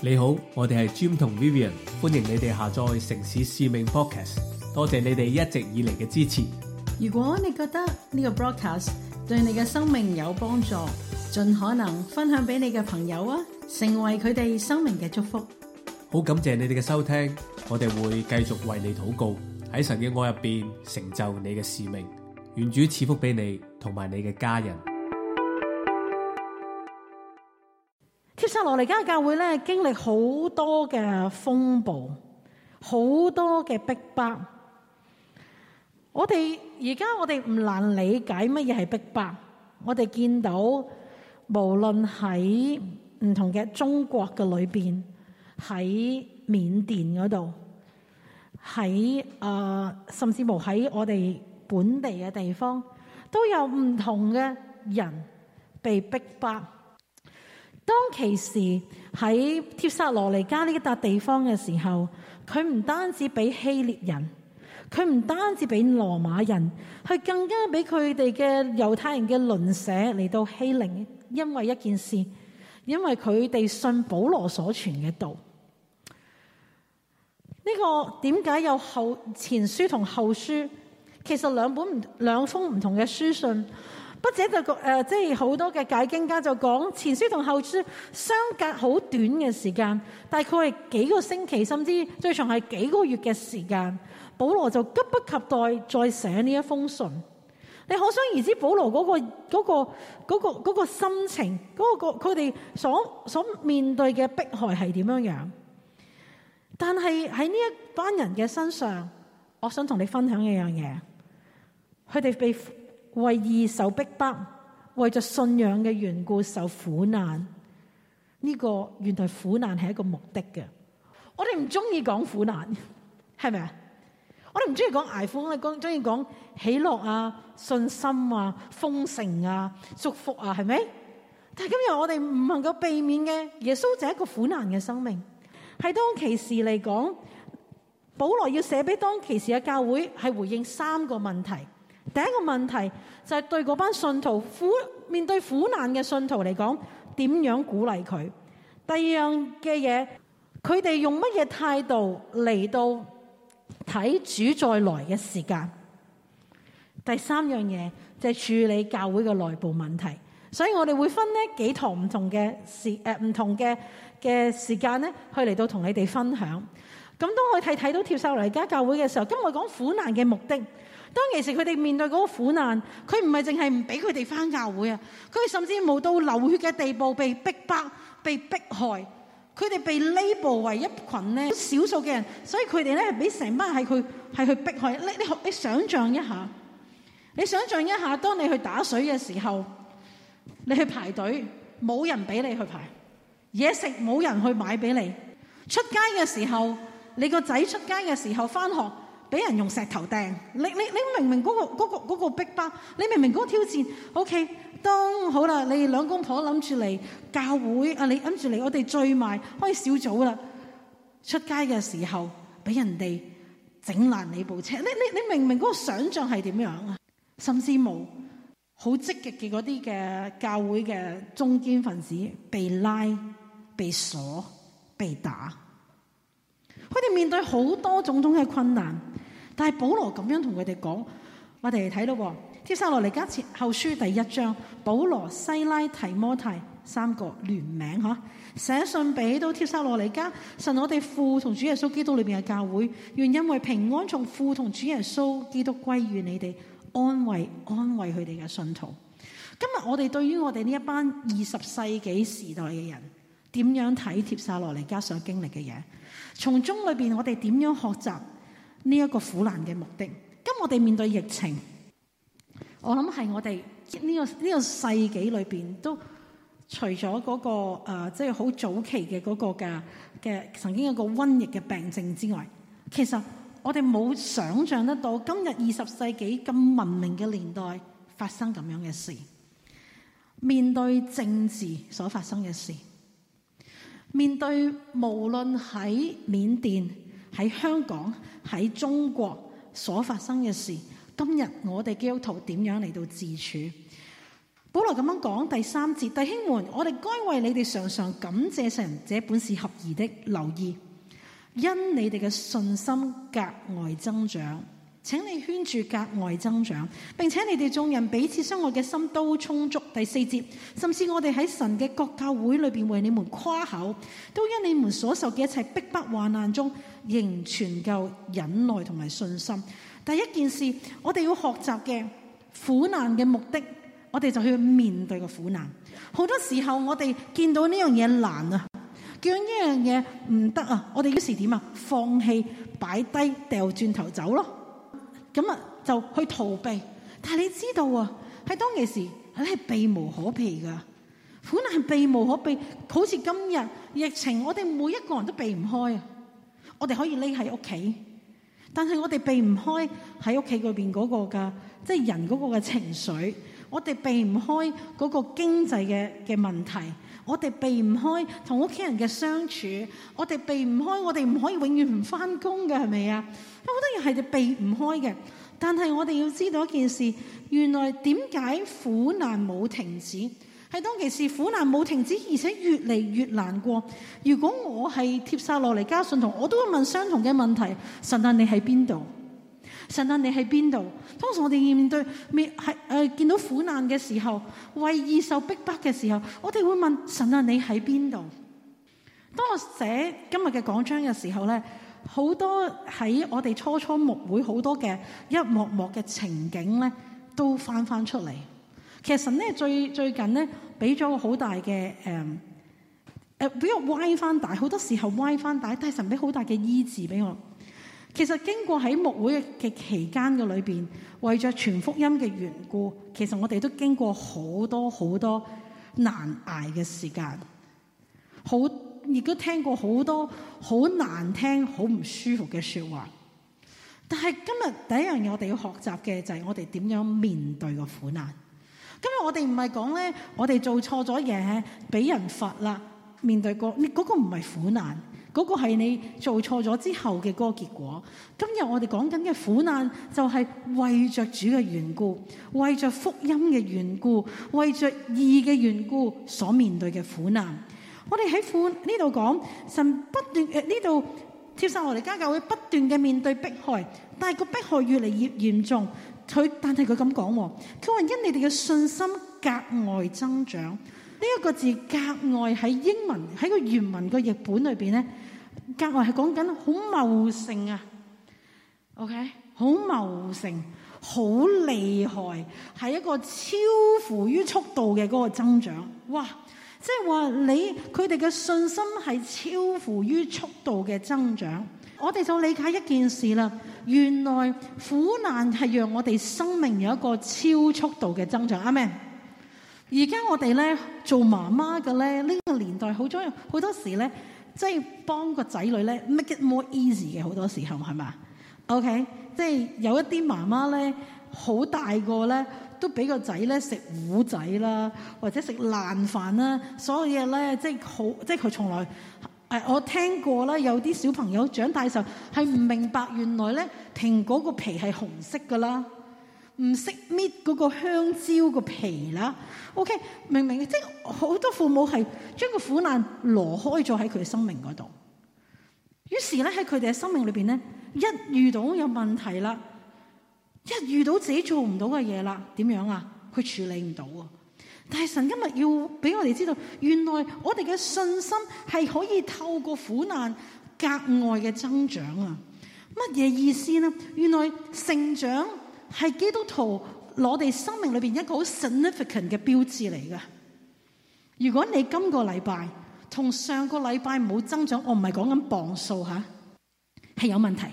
你好，我哋係 Jim 同 Viven，歡迎你哋下載城市使命 Podcast，多謝你哋一直以嚟嘅支持。如果你覺得呢個 broadcast 對你嘅生命有幫助，盡可能分享俾你嘅朋友啊，成為佢哋生命嘅祝福。好感謝你哋嘅收聽，我哋會繼續為你禱告，喺神嘅愛入邊成就你嘅使命，願主賜福俾你同埋你嘅家人。帖撒羅尼迦，而家教會咧經歷好多嘅風暴，好多嘅逼迫。我哋而家我哋唔難理解乜嘢係逼迫。我哋見到無論喺唔同嘅中國嘅裏邊，喺緬甸嗰度，喺啊、呃、甚至乎喺我哋本地嘅地方，都有唔同嘅人被逼迫。當其時喺帖撒羅尼加呢笪地方嘅時候，佢唔單止俾希臘人，佢唔單止俾羅馬人，佢更加俾佢哋嘅猶太人嘅鄰舍嚟到欺凌，因為一件事，因為佢哋信保羅所傳嘅道。呢、這個點解有後前書同後書？其實兩本兩封唔同嘅書信。筆者就講誒，即係好多嘅解經家就講前書同後書相隔好短嘅時間，大概係幾個星期，甚至最長係幾個月嘅時間。保羅就急不及待再寫呢一封信。你可想而知保羅嗰個嗰個嗰個嗰個嗰個嗰個心情，嗰個佢哋所所面對嘅迫害係點樣樣。但係喺呢一班人嘅身上，我想同你分享一樣嘢，佢哋被。為義受逼迫，為着信仰嘅緣故受苦難，呢個原來苦難係一個目的嘅。我哋唔中意講苦難，係咪啊？我哋唔中意講挨苦，我哋講中意講喜樂啊、信心啊、豐盛啊、祝福啊，係咪？但係今日我哋唔能夠避免嘅，耶穌就係一個苦難嘅生命。喺當其時嚟講，保羅要寫俾當其時嘅教會，係回應三個問題。第一個問題就係、是、對嗰班信徒苦面對苦難嘅信徒嚟講，點樣鼓勵佢？第二樣嘅嘢，佢哋用乜嘢態度嚟到睇主再來嘅時間？第三樣嘢就係、是、處理教會嘅內部問題。所以我哋會分呢幾堂唔同嘅時誒唔、呃、同嘅嘅時間咧，去嚟到同你哋分享。咁當我哋睇睇到跳秀嚟家教會嘅時候，今日講苦難嘅目的。當其時佢哋面對嗰個苦難，佢唔係淨係唔俾佢哋翻教會啊！佢甚至冇到流血嘅地步，被逼迫、被迫害，佢哋被 label 為一群咧少數嘅人，所以佢哋咧俾成班係佢係去逼害。你你你想象一下，你想象一下，當你去打水嘅時候，你去排隊，冇人俾你去排；嘢食冇人去買俾你。出街嘅時候，你個仔出街嘅時候翻學。俾人用石頭掟，你你你明唔明嗰、那個、那個、那個那個逼包，你明唔明嗰個挑戰，OK，當好啦，你兩公婆諗住嚟教會啊，你諗住嚟，我哋聚埋開小組啦。出街嘅時候俾人哋整爛你部車，你你你明唔明嗰個想象係點樣啊？甚至冇好積極嘅嗰啲嘅教會嘅中堅分子被拉、被鎖、被打，佢哋面對好多種種嘅困難。但係保羅咁樣同佢哋講，我哋嚟睇到《帖撒羅尼迦前後書》第一章，保羅、西拉、提摩太三個聯名，哈，寫信俾到帖撒羅尼迦，神我哋父同主耶穌基督裏邊嘅教會，願因為平安從父同主耶穌基督歸於你哋，安慰安慰佢哋嘅信徒。今日我哋對於我哋呢一班二十世紀時代嘅人，點樣睇帖撒羅尼迦所經歷嘅嘢？從中裏邊我哋點樣學習？呢一個苦難嘅目的。咁我哋面對疫情，我諗係我哋呢個呢個世紀裏邊都除咗嗰個誒即係好早期嘅嗰個嘅嘅曾經有個瘟疫嘅病症之外，其實我哋冇想象得到今日二十世紀咁文明嘅年代發生咁樣嘅事。面對政治所發生嘅事，面對無論喺緬甸、喺香港、喺中國所發生嘅事，今日我哋基督徒點樣嚟到自處？保羅咁樣講第三節，弟兄們，我哋該為你哋常常感謝神，這本是合宜的。留意，因你哋嘅信心格外增長。請你圈住格外增長，並且你哋眾人彼此相愛嘅心都充足。第四節，甚至我哋喺神嘅國教會裏面為你們誇口，都因你們所受嘅一切逼迫患難中，仍存夠忍耐同埋信心。第一件事，我哋要學習嘅苦難嘅目的，我哋就去面對個苦難。好多時候我哋見到呢樣嘢難啊，見到呢樣嘢唔得啊，我哋於是點啊？放棄，擺低，掉轉頭走咯咁啊，就去逃避。但係你知道啊，喺當其時，你係避無可避噶好難避無可避，好似今日疫情，我哋每一個人都避唔開啊。我哋可以匿喺屋企，但係我哋避唔開喺屋企裏邊嗰個噶即係人嗰個嘅情緒。我哋避唔開嗰個經濟嘅嘅問題。我哋避唔開同屋企人嘅相處，我哋避唔開，我哋唔可以永遠唔翻工嘅，係咪啊？好多嘢是係避唔開嘅。但是我哋要知道一件事，原來點解苦難冇停止？係當其時苦難冇停止，而且越嚟越難過。如果我係帖撒羅尼迦信徒，我都會問相同嘅問題：神啊，你喺邊度？神啊，你喺邊度？通常我哋面對面係誒見到苦難嘅時候，為義受逼迫嘅時候，我哋會問，神啊，你喺邊度？當我寫今日嘅講章嘅時候咧，好多喺我哋初初牧會好多嘅一幕幕嘅情景咧，都翻翻出嚟。其實神咧最最近咧俾咗個好大嘅誒誒，俾、呃、我歪翻大，好多時候歪翻大，但係神俾好大嘅醫治俾我。其實經過喺木會嘅期間嘅裏邊，為咗傳福音嘅緣故，其實我哋都經過好多好多難挨嘅時間，好亦都聽過好多好難聽、好唔舒服嘅說話。但係今日第一樣嘢，我哋要學習嘅就係我哋點樣面對個苦難。今日我哋唔係講咧，我哋做錯咗嘢，俾人罰啦，面對過你嗰個唔係苦難。嗰、那個係你做錯咗之後嘅嗰個結果。今日我哋講緊嘅苦難，就係為着主嘅緣故，為着福音嘅緣故，為着義嘅緣，緣故所面對嘅苦難。我哋喺苦呢度講，神不斷誒呢度，貼、呃、上我哋家教會不斷嘅面對迫害，但係個迫害越嚟越嚴重。佢但係佢咁講，佢話因你哋嘅信心格外增長。呢、這、一個字格外喺英文喺個原文嘅譯本裏邊咧。格外係講緊好茂盛啊，OK，好茂盛，好厲害，係一個超乎於速度嘅嗰個增長，哇！即係話你佢哋嘅信心係超乎於速度嘅增長，我哋就理解一件事啦，原來苦難係讓我哋生命有一個超速度嘅增長，啱咩？而家我哋咧做媽媽嘅咧，呢、這個年代好中意好多時咧。即係幫個仔女咧 make it more easy 嘅好多時候係咪？OK，即係有一啲媽媽咧好大個咧都俾個仔咧食糊仔啦，或者食爛飯啦，所有嘢咧，即係好即係佢從來，誒，我聽過啦，有啲小朋友長大時候係唔明白，原來咧蘋果個皮係紅色㗎啦。唔識搣嗰個香蕉個皮啦，OK，明唔明？即係好多父母係將個苦難挪開咗喺佢嘅生命嗰度，於是咧喺佢哋嘅生命裏邊咧，一遇到有問題啦，一遇到自己做唔到嘅嘢啦，點樣啊？佢處理唔到，但係神今日要俾我哋知道，原來我哋嘅信心係可以透過苦難格外嘅增長啊！乜嘢意思呢？原來成長。係基督徒，我哋生命裏邊一個好 significant 嘅標誌嚟㗎。如果你今個禮拜同上個禮拜冇增長，我唔係講緊磅數吓，係有問題。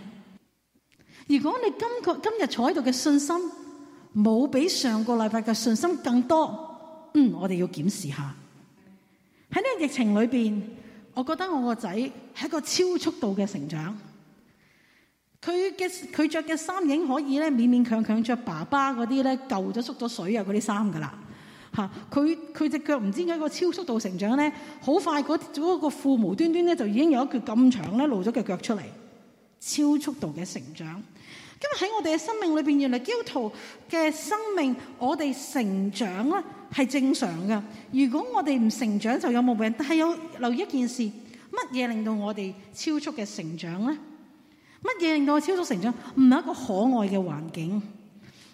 如果你今個今日坐喺度嘅信心冇比上個禮拜嘅信心更多，嗯，我哋要檢視一下。喺呢個疫情裏邊，我覺得我個仔係一個超速度嘅成長。佢嘅佢着嘅衫已經可以咧勉勉強強着爸爸嗰啲咧舊咗縮咗水啊嗰啲衫噶啦，吓佢佢隻腳唔知解個超速度成長咧，好快嗰嗰、嗰個褲無端端咧就已經有一撅咁長咧露咗隻腳出嚟，超速度嘅成長。今日喺我哋嘅生命裏邊，原來基督徒嘅生命，我哋成長咧係正常噶。如果我哋唔成長就有毛病，但係有留意一件事，乜嘢令到我哋超速嘅成長咧？乜嘢令到我超速成長？唔係一個可愛嘅環境，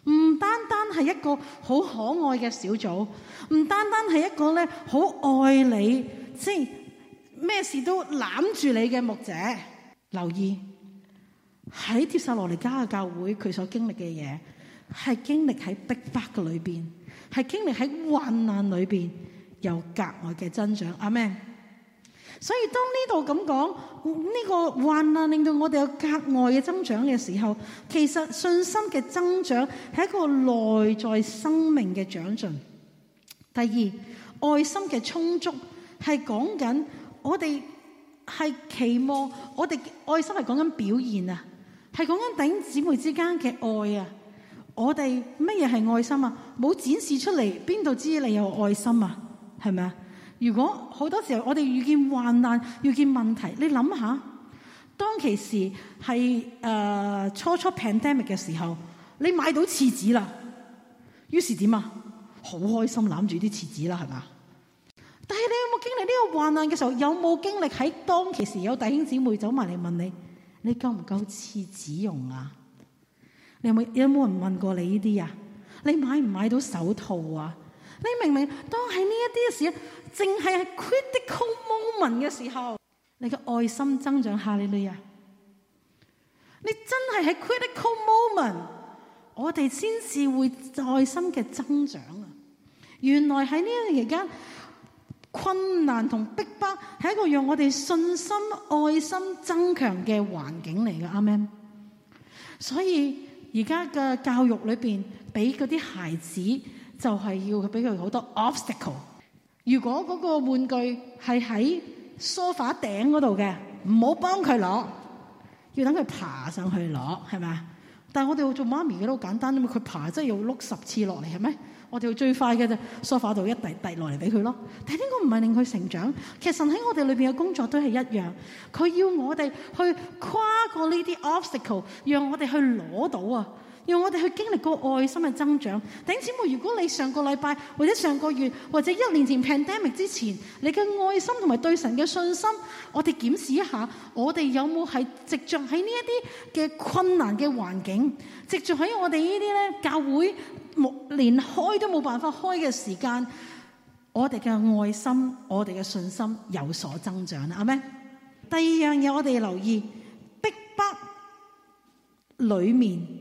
唔單單係一個好可愛嘅小組，唔單單係一個咧好愛你，即係咩事都攬住你嘅牧者。留意喺帖撒羅尼迦嘅教會，佢所經歷嘅嘢，係經歷喺逼迫嘅裏邊，係經歷喺患難裏邊，有格外嘅增長。阿們。所以當呢度咁講，呢個患難令到我哋有格外嘅增長嘅時候，其實信心嘅增長係一個內在生命嘅長進。第二，愛心嘅充足係講緊我哋係期望我哋愛心係講緊表現啊，係講緊頂姊妹之間嘅愛啊。我哋乜嘢係愛心啊？冇展示出嚟，邊度知你有愛心啊？係咪啊？如果好多時候我哋遇見患難、遇見問題，你諗下，當其時係誒、呃、初初 pandemic 嘅時候，你買到廁紙啦，於是點啊？好開心攬住啲廁紙啦，係嘛？但係你有冇經歷呢個患難嘅時候？有冇經歷喺當其時有弟兄姊妹走埋嚟問你，你夠唔夠廁紙用啊？你有冇有冇人問過你呢啲啊？你買唔買到手套啊？你明唔明當喺呢一啲嘅時候，淨係喺 critical moment 嘅時候，你嘅愛心增長下呢類啊？Hallelujah! 你真係喺 critical moment，我哋先至會愛心嘅增長啊！原來喺呢個期間，困難同逼迫係一個讓我哋信心愛心增強嘅環境嚟嘅，阿們。所以而家嘅教育裏邊，俾嗰啲孩子。就係、是、要俾佢好多 obstacle。如果嗰個玩具係喺梳化頂嗰度嘅，唔好幫佢攞，要等佢爬上去攞，係咪啊？但係我哋要做媽咪嘅都好簡單吖嘛。佢爬真係要碌十次落嚟係咩？我哋要最快嘅就梳化度一遞遞落嚟俾佢咯。但係呢個唔係令佢成長。其實神喺我哋裏面嘅工作都係一樣，佢要我哋去跨過呢啲 obstacle，讓我哋去攞到啊！讓我哋去經歷過愛心嘅增長。弟兄姊妹，如果你上個禮拜或者上個月或者一年前 pandemic 之前，你嘅愛心同埋對神嘅信心，我哋檢視一下，我哋有冇係藉著喺呢一啲嘅困難嘅環境，藉著喺我哋呢啲咧教會冇連開都冇辦法開嘅時間，我哋嘅愛心、我哋嘅信心有所增長啦，係咪？第二樣嘢，我哋留意彼前裏面。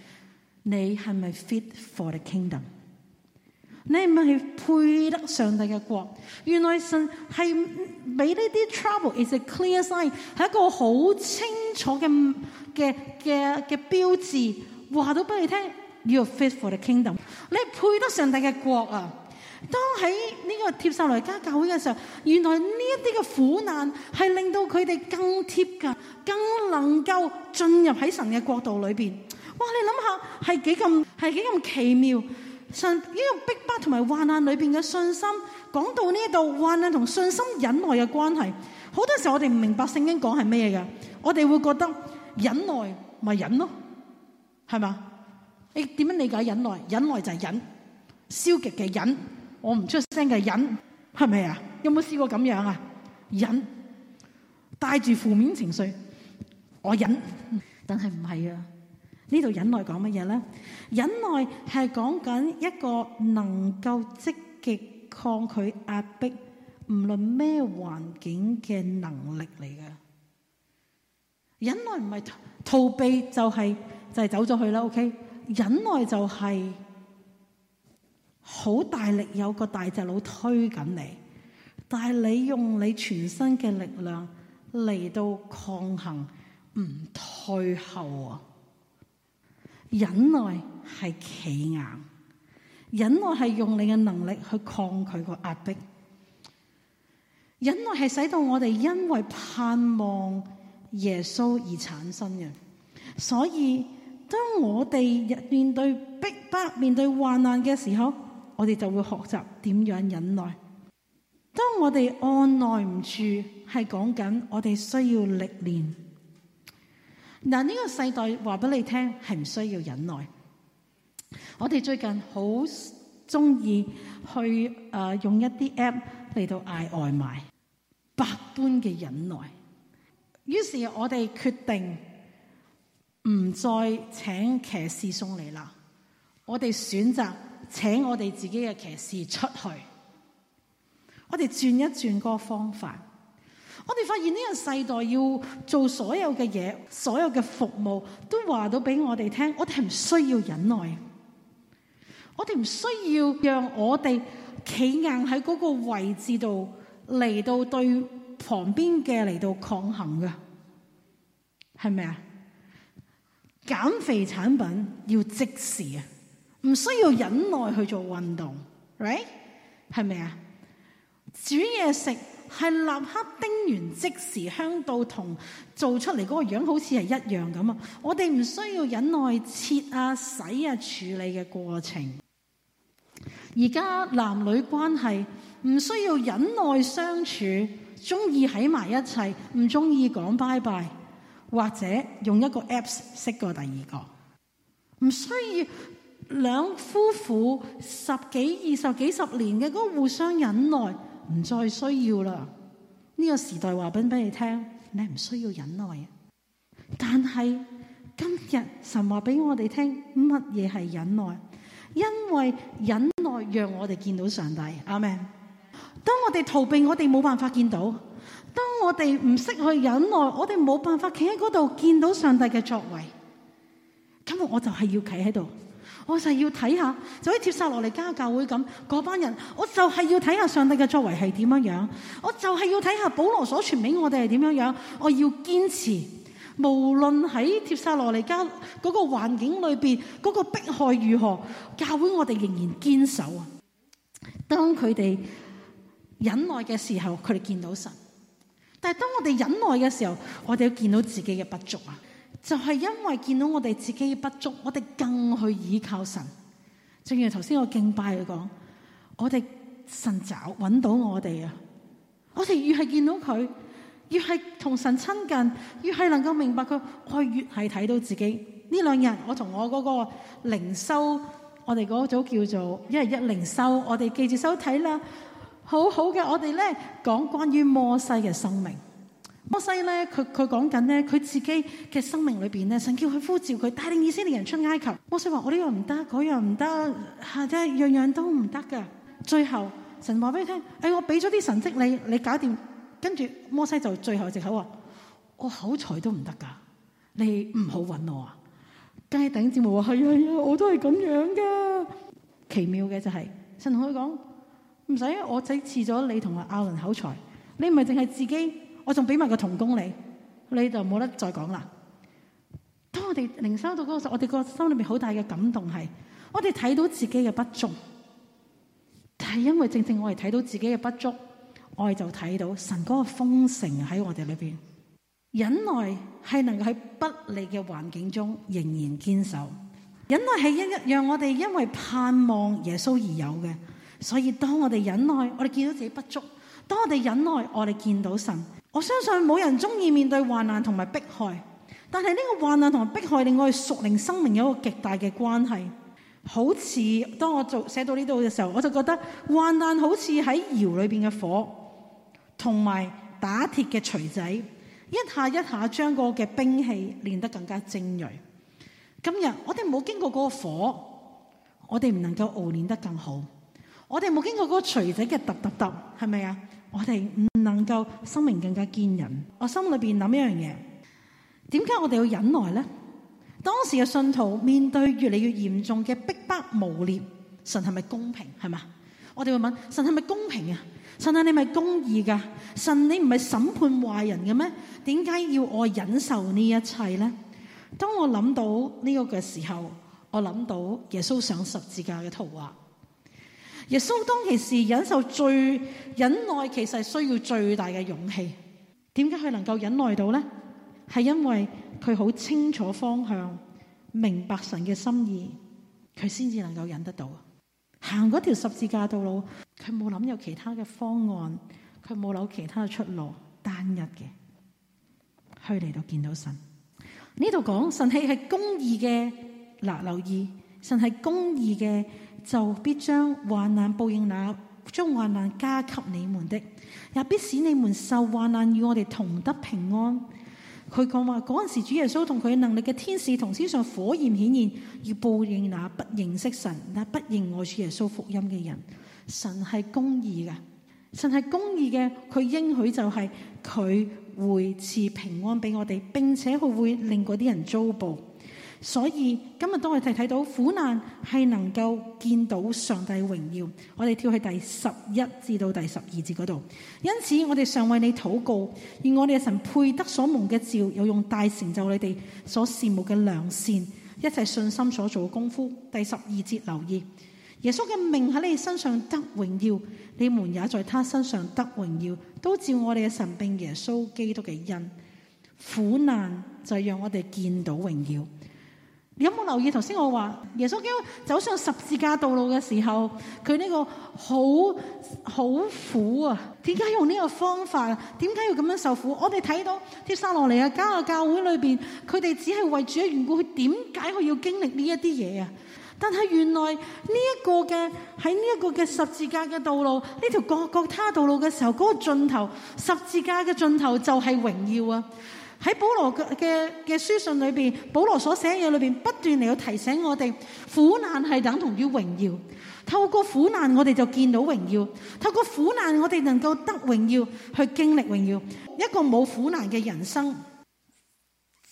你係咪 fit for the kingdom？你係咪配得上帝嘅國？原來神係俾呢啲 trouble is a clear sign，係一個好清楚嘅嘅嘅嘅標誌。話到俾你聽，you fit for the kingdom。你配得上帝嘅國啊！當喺呢個帖撒羅尼迦教會嘅時候，原來呢一啲嘅苦難係令到佢哋更貼近、更能夠進入喺神嘅國度裏邊。哇！你諗下，係幾咁係幾咁奇妙。信呢個逼迫同埋患難裏邊嘅信心，講到呢度患難同信心忍耐嘅關係，好多時候我哋唔明白聖經講係咩嘅。我哋會覺得忍耐咪忍咯，係嘛？你點樣理解忍耐？忍耐就係忍消極嘅忍，我唔出聲嘅忍，係咪啊？有冇試過咁樣啊？忍帶住負面情緒，我忍，但係唔係啊。呢度忍耐講乜嘢咧？忍耐係講緊一個能夠積極抗拒壓迫，唔論咩環境嘅能力嚟嘅。忍耐唔係逃，逃避，就係就係走咗去啦。OK，忍耐就係好大力，有個大隻佬推緊你，但係你用你全身嘅力量嚟到抗衡，唔退後啊！忍耐係企硬，忍耐係用你嘅能力去抗拒個壓迫。忍耐係使到我哋因為盼望耶穌而產生嘅。所以當我哋面對逼迫，面對患難嘅時候，我哋就會學習點樣忍耐。當我哋按捺唔住，係講緊我哋需要歷練。嗱，呢個世代話俾你聽係唔需要忍耐。我哋最近好中意去誒、呃、用一啲 app 嚟到嗌外賣，百般嘅忍耐。於是，我哋決定唔再請騎士送你啦。我哋選擇請我哋自己嘅騎士出去，我哋轉一轉個方法。我哋發現呢個世代要做所有嘅嘢，所有嘅服務都話到俾我哋聽，我哋係唔需要忍耐，我哋唔需要讓我哋企硬喺嗰個位置度嚟到對旁邊嘅嚟到抗衡嘅，係咪啊？減肥產品要即時啊，唔需要忍耐去做運動，right 係咪啊？煮嘢食。係立刻叮完，即時香到，同做出嚟嗰個樣好似係一樣咁啊！我哋唔需要忍耐切啊、洗啊、處理嘅過程。而家男女關係唔需要忍耐相處，中意喺埋一齊，唔中意講拜拜，或者用一個 apps 識過第二個，唔需要兩夫婦十幾二十幾十年嘅嗰個互相忍耐。唔再需要啦！呢、這個時代話俾你聽，你唔需要忍耐。但係今日神話俾我哋聽，乜嘢係忍耐？因為忍耐讓我哋見到上帝。阿門。當我哋逃避，我哋冇辦法見到；當我哋唔識去忍耐，我哋冇辦法企喺嗰度見到上帝嘅作為。今日我就係要企喺度。我就係要睇下，就喺帖撒羅尼加教會咁嗰班人，我就係要睇下上帝嘅作為係點樣樣，我就係要睇下保羅所傳俾我哋係點樣樣。我要堅持，無論喺帖撒羅尼加嗰個環境裏邊，嗰個迫害如何，教會我哋仍然堅守啊。當佢哋忍耐嘅時候，佢哋見到神；但係當我哋忍耐嘅時候，我哋要見到自己嘅不足啊。就係、是、因為見到我哋自己不足，我哋更去倚靠神。正如頭先我敬拜佢講，我哋神找揾到我哋啊！我哋越係見到佢，越係同神親近，越係能夠明白佢，我越係睇到自己。呢兩日我同我嗰個靈修，我哋嗰組叫做一日一靈修，我哋記住收睇啦。好好嘅，我哋咧講關於摩西嘅生命。摩西咧，佢佢講緊咧，佢自己嘅生命裏邊咧，神叫佢呼召佢帶領以色列人出埃及。摩西話：我呢樣唔得，嗰樣唔得，下即係樣樣都唔得噶。最後神話俾佢聽：哎，我俾咗啲神蹟你，你搞掂。跟住摩西就最後藉口話：我口才都唔得噶，你唔好搵我啊。街頂節目話：係係啊，我都係咁樣噶。奇妙嘅就係、是、神同佢講唔使，我仔賜咗你同阿阿倫口才，你唔係淨係自己。我仲俾埋個同工你，你就冇得再講啦。當我哋領收到嗰個時，我哋個心裏面好大嘅感動係，我哋睇到自己嘅不足，但係因為正正我哋睇到自己嘅不足，我哋就睇到神嗰個豐盛喺我哋裏邊。忍耐係能夠喺不利嘅環境中仍然堅守，忍耐係一一樣我哋因為盼望耶穌而有嘅，所以當我哋忍耐，我哋見到自己不足。當我哋忍耐，我哋見到神。我相信冇人中意面對患難同埋迫害，但係呢個患難同埋迫害令我哋屬靈生命有一個極大嘅關係。好似當我做寫到呢度嘅時候，我就覺得患難好似喺窑裏邊嘅火，同埋打鐵嘅錘仔，一下一下將個嘅兵器練得更加精銳。今日我哋冇經過嗰個火，我哋唔能夠熬練得更好。我哋冇經過嗰個錘仔嘅突突突，係咪啊？我哋唔能夠生命更加堅韌。我心裏面諗一樣嘢，點解我哋要忍耐呢？當時嘅信徒面對越嚟越嚴重嘅逼迫、污衊，神係咪公平？係嘛？我哋會問：「神係咪公平啊？神啊，係咪公義㗎？神你唔係審判壞人嘅咩？點解要我忍受呢一切呢？」當我諗到呢個嘅時候，我諗到耶穌上十字架嘅圖畫。耶穌當其時忍受最忍耐，其實係需要最大嘅勇氣。點解佢能夠忍耐到咧？係因為佢好清楚方向，明白神嘅心意，佢先至能夠忍得到。行嗰條十字架道路，佢冇諗有其他嘅方案，佢冇諗其他嘅出路，單一嘅去嚟到見到神。呢度講神係係公義嘅。嗱，留意神係公義嘅。就必將患難報應那將患難加給你們的，也必使你們受患難與我哋同得平安。佢講話嗰陣時，主耶穌同佢能力嘅天使同天上火焰顯現，要報應那不認識神，那不認我主耶穌福音嘅人。神係公義嘅，神係公義嘅，佢應許就係、是、佢會賜平安俾我哋，並且佢會，會令嗰啲人遭報。所以今日當我哋睇到苦難係能夠見到上帝榮耀。我哋跳去第十一至到第十二節嗰度。因此我哋常為你禱告，而我哋嘅神配得所蒙嘅召，又用大成就你哋所羨慕嘅良善，一切信心所做嘅功夫。第十二節留意，耶穌嘅命喺你身上得榮耀，你們也在他身上得榮耀，都照我哋嘅神並耶穌基督嘅恩。苦難就係讓我哋見到榮耀。有冇留意頭先我話耶穌基督走上十字架道路嘅時候，佢呢個好好苦啊？點解用呢個方法？點解要咁樣受苦？我哋睇到帖撒羅尼迦嘅教會裏邊，佢哋只係為主嘅緣故，佢點解佢要經歷呢一啲嘢啊？但係原來呢一，這個嘅喺呢一個嘅十字架嘅道路，呢條各各他道路嘅時候，嗰，那個盡頭十字架嘅盡頭就係榮耀啊！喺保羅嘅嘅書信裏邊，保羅所寫嘢裏邊，不斷嚟去提醒我哋，苦難係等同於榮耀。透過苦難，我哋就見到榮耀；透過苦難，我哋能夠得榮耀，去經歷榮耀。一個冇苦難嘅人生，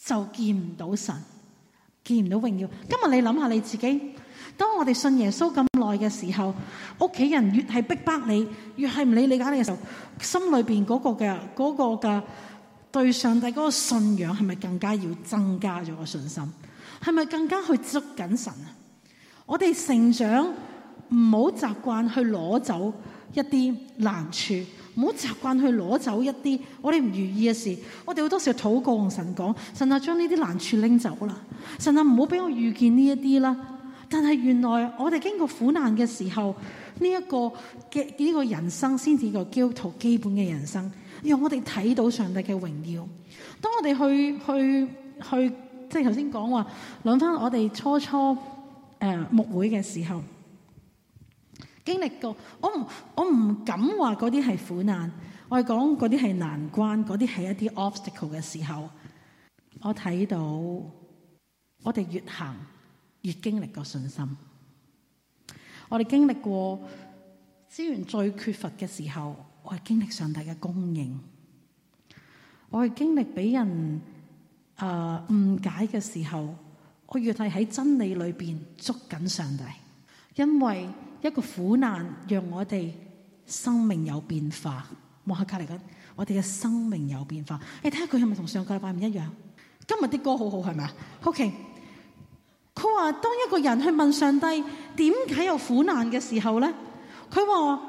就見唔到神，見唔到榮耀。今日你諗下你自己，當我哋信耶穌咁耐嘅時候，屋企人越係逼迫你，越係唔理解你揀你嘅時候，心裏邊嗰個嘅、嗰個嘅。對上帝嗰個信仰係咪更加要增加咗個信心？係咪更加去捉緊神啊？我哋成長，唔好習慣去攞走一啲難處，唔好習慣去攞走一啲我哋唔如意嘅事。我哋好多時禱告同神講，神就將呢啲難處拎走啦。神就唔好俾我遇見呢一啲啦。但係原來我哋經過苦難嘅時候，呢、這、一個嘅呢、這個人生先至個基督徒基本嘅人生。讓我哋睇到上帝嘅榮耀。當我哋去去去，即係頭先講話，諗翻我哋初初誒、呃、牧會嘅時候，經歷過，我唔我唔敢話嗰啲係苦難，我係講嗰啲係難關，嗰啲係一啲 obstacle 嘅時候，我睇到我哋越行越經歷過信心。我哋經歷過資源最缺乏嘅時候。我係經歷上帝嘅供應，我係經歷俾人誒、呃、誤解嘅時候，我越係喺真理裏邊捉緊上帝，因為一個苦難讓我哋生命有變化。莫克卡嚟根，我哋嘅生命有變化。你睇下佢係咪同上個禮拜唔一樣？今日啲歌好好係咪啊？OK，佢話當一個人去問上帝點解有苦難嘅時候咧，佢話。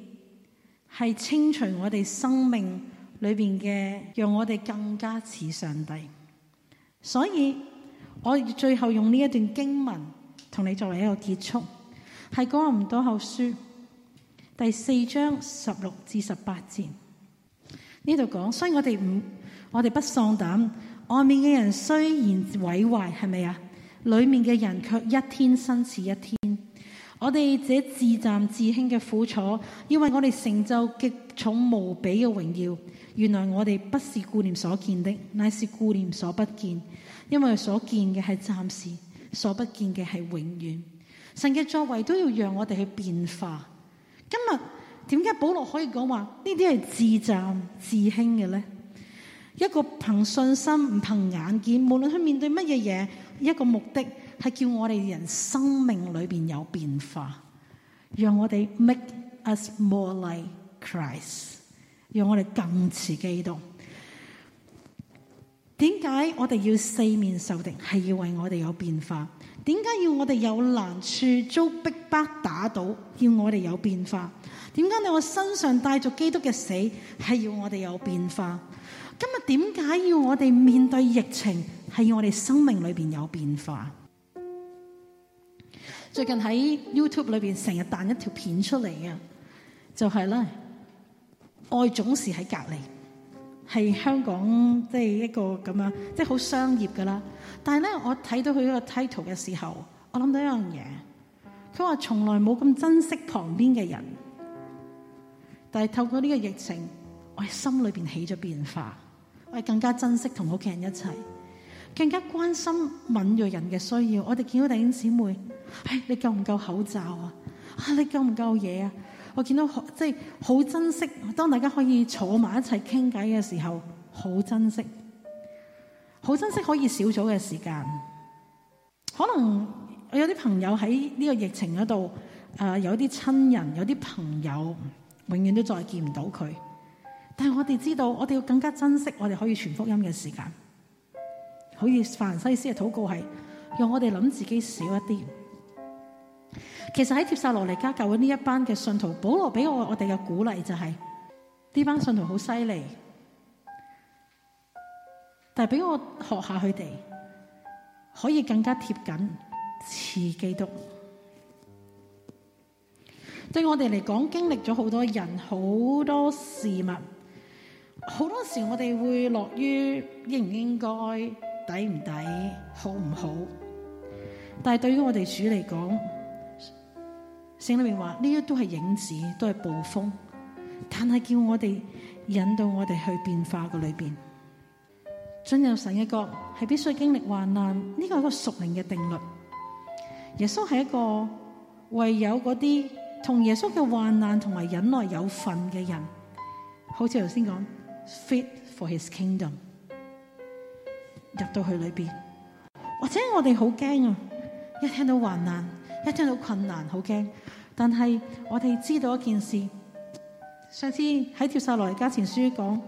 係清除我哋生命裏面嘅，讓我哋更加似上帝。所以，我最後用呢一段經文同你作為一個結束，係《哥林多後書》第四章十六至十八節呢度講。所以我哋唔，我哋不喪膽。外面嘅人雖然毀壞，係咪啊？裏面嘅人卻一天新似一天。我哋這至暫至輕嘅苦楚，因為我哋成就極重無比嘅榮耀。原來我哋不是顧念所見的，乃是顧念所不見。因為所見嘅係暫時，所不見嘅係永遠。神嘅作為都要讓我哋去變化。今日點解保羅可以講話呢啲係至暫至輕嘅呢？一個憑信心唔憑眼見，無論佢面對乜嘢嘢，一個目的。係叫我哋人生命裏邊有變化，讓我哋 make us more like Christ，讓我哋更似基督。點解我哋要四面受敵？係要為我哋有變化。點解要我哋有難處遭逼迫打倒？要我哋有變化。點解你我身上帶着基督嘅死係要我哋有變化？今日點解要我哋面對疫情係要我哋生命裏邊有變化？最近喺 YouTube 裏邊成日彈一條片出嚟嘅，就係愛總是喺隔籬，係香港即係一個噉樣，即係好商業㗎啦。但係我睇到佢這個 title 嘅時候，我諗到一樣嘢。佢話從來冇咁珍惜旁邊嘅人，但係透過呢個疫情，我係心裏面起咗變化，我係更加珍惜同屋企人一齊更加關心敏弱人嘅需要，我哋見到弟兄姊妹，哎、你夠唔夠口罩啊？啊，你夠唔夠嘢啊？我見到即係好珍惜，當大家可以坐埋一齊傾偈嘅時候，好珍惜，好珍惜可以小組嘅時間。可能有啲朋友喺呢個疫情嗰度、呃，有啲親人、有啲朋友，永遠都再見唔到佢。但係我哋知道，我哋要更加珍惜我哋可以傳福音嘅時間。好似法蘭西斯嘅禱告係，讓我哋諗自己少一啲。其實喺帖撒羅尼迦教會呢一班嘅信徒，保羅俾我我哋嘅鼓勵就係、是，呢班信徒好犀利，但係俾我學下佢哋，可以更加貼緊似基督。對我哋嚟講，經歷咗好多人、好多事物，好多時我哋會落於應唔應該？抵唔抵，好唔好？但係對於我哋主嚟講，聖經裏邊話呢啲都係影子，都係暴風，但係叫我哋引導我哋去變化嘅裏邊，進入神嘅國係必須經歷患難，呢、這個係個屬靈嘅定律。耶穌係一個唯有嗰啲同耶穌嘅患難同埋忍耐有份嘅人，好似頭先講，fit for His kingdom。入到去裏邊，或者我哋好驚啊！一聽到患難，一聽到困難，好驚。但係我哋知道一件事，上次喺《帖撒羅尼迦前書》講，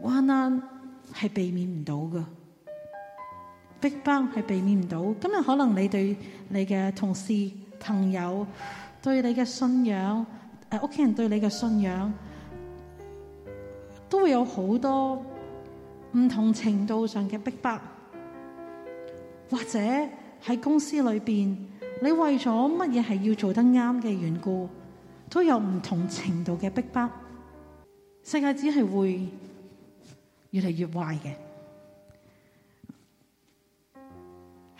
患難係避免唔到噶，逼迫係避免唔到。今日可能你對你嘅同事朋友，對你嘅信仰，誒、呃，屋企人對你嘅信仰，都會有好多。唔同程度上嘅逼迫，或者喺公司裏邊，你為咗乜嘢係要做得啱嘅緣故，都有唔同程度嘅逼迫。世界只係會越嚟越壞嘅。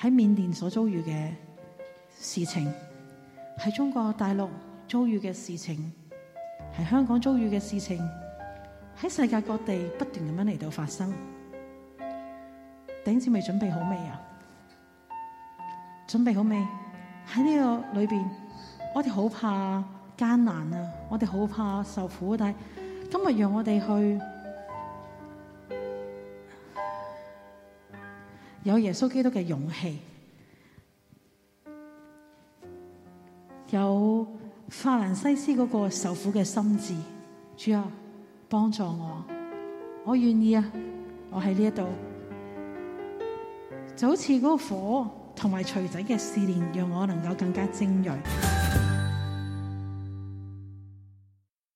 喺緬甸所遭遇嘅事情，喺中國大陸遭遇嘅事情，喺香港遭遇嘅事情。.喺世界各地不斷咁樣嚟到發生，頂姐未準備好未啊？準備好未？喺呢個裏邊，我哋好怕艱難啊！我哋好怕受苦，但係今日讓我哋去有耶穌基督嘅勇氣，有法蘭西斯嗰個受苦嘅心智，主啊！幫助我，我願意啊！我喺呢一度，就好似嗰個火同埋錘仔嘅試煉，讓我能夠更加精鋭。